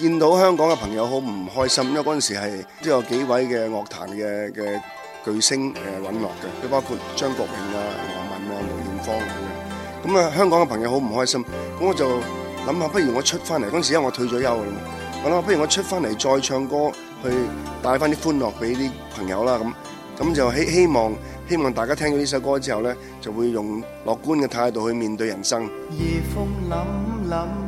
見到香港嘅朋友好唔開心，因為嗰陣時係都有幾位嘅樂壇嘅嘅巨星誒殞落嘅，都包括張國榮啊、羅文啊、梅艷芳咁樣。咁啊，香港嘅朋友好唔開心。咁我就諗下，不如我出翻嚟嗰陣時，因為我退咗休啊嘛。我諗，不如我出翻嚟再唱歌，去帶翻啲歡樂俾啲朋友啦。咁咁就希希望希望大家聽到呢首歌之後咧，就會用樂觀嘅態度去面對人生。夜風凜凜。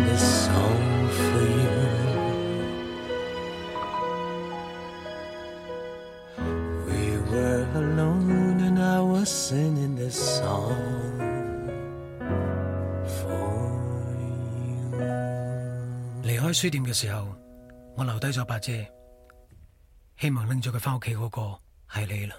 離開書店嘅時候，我留低咗把遮，希望拎咗佢翻屋企嗰個係你啦。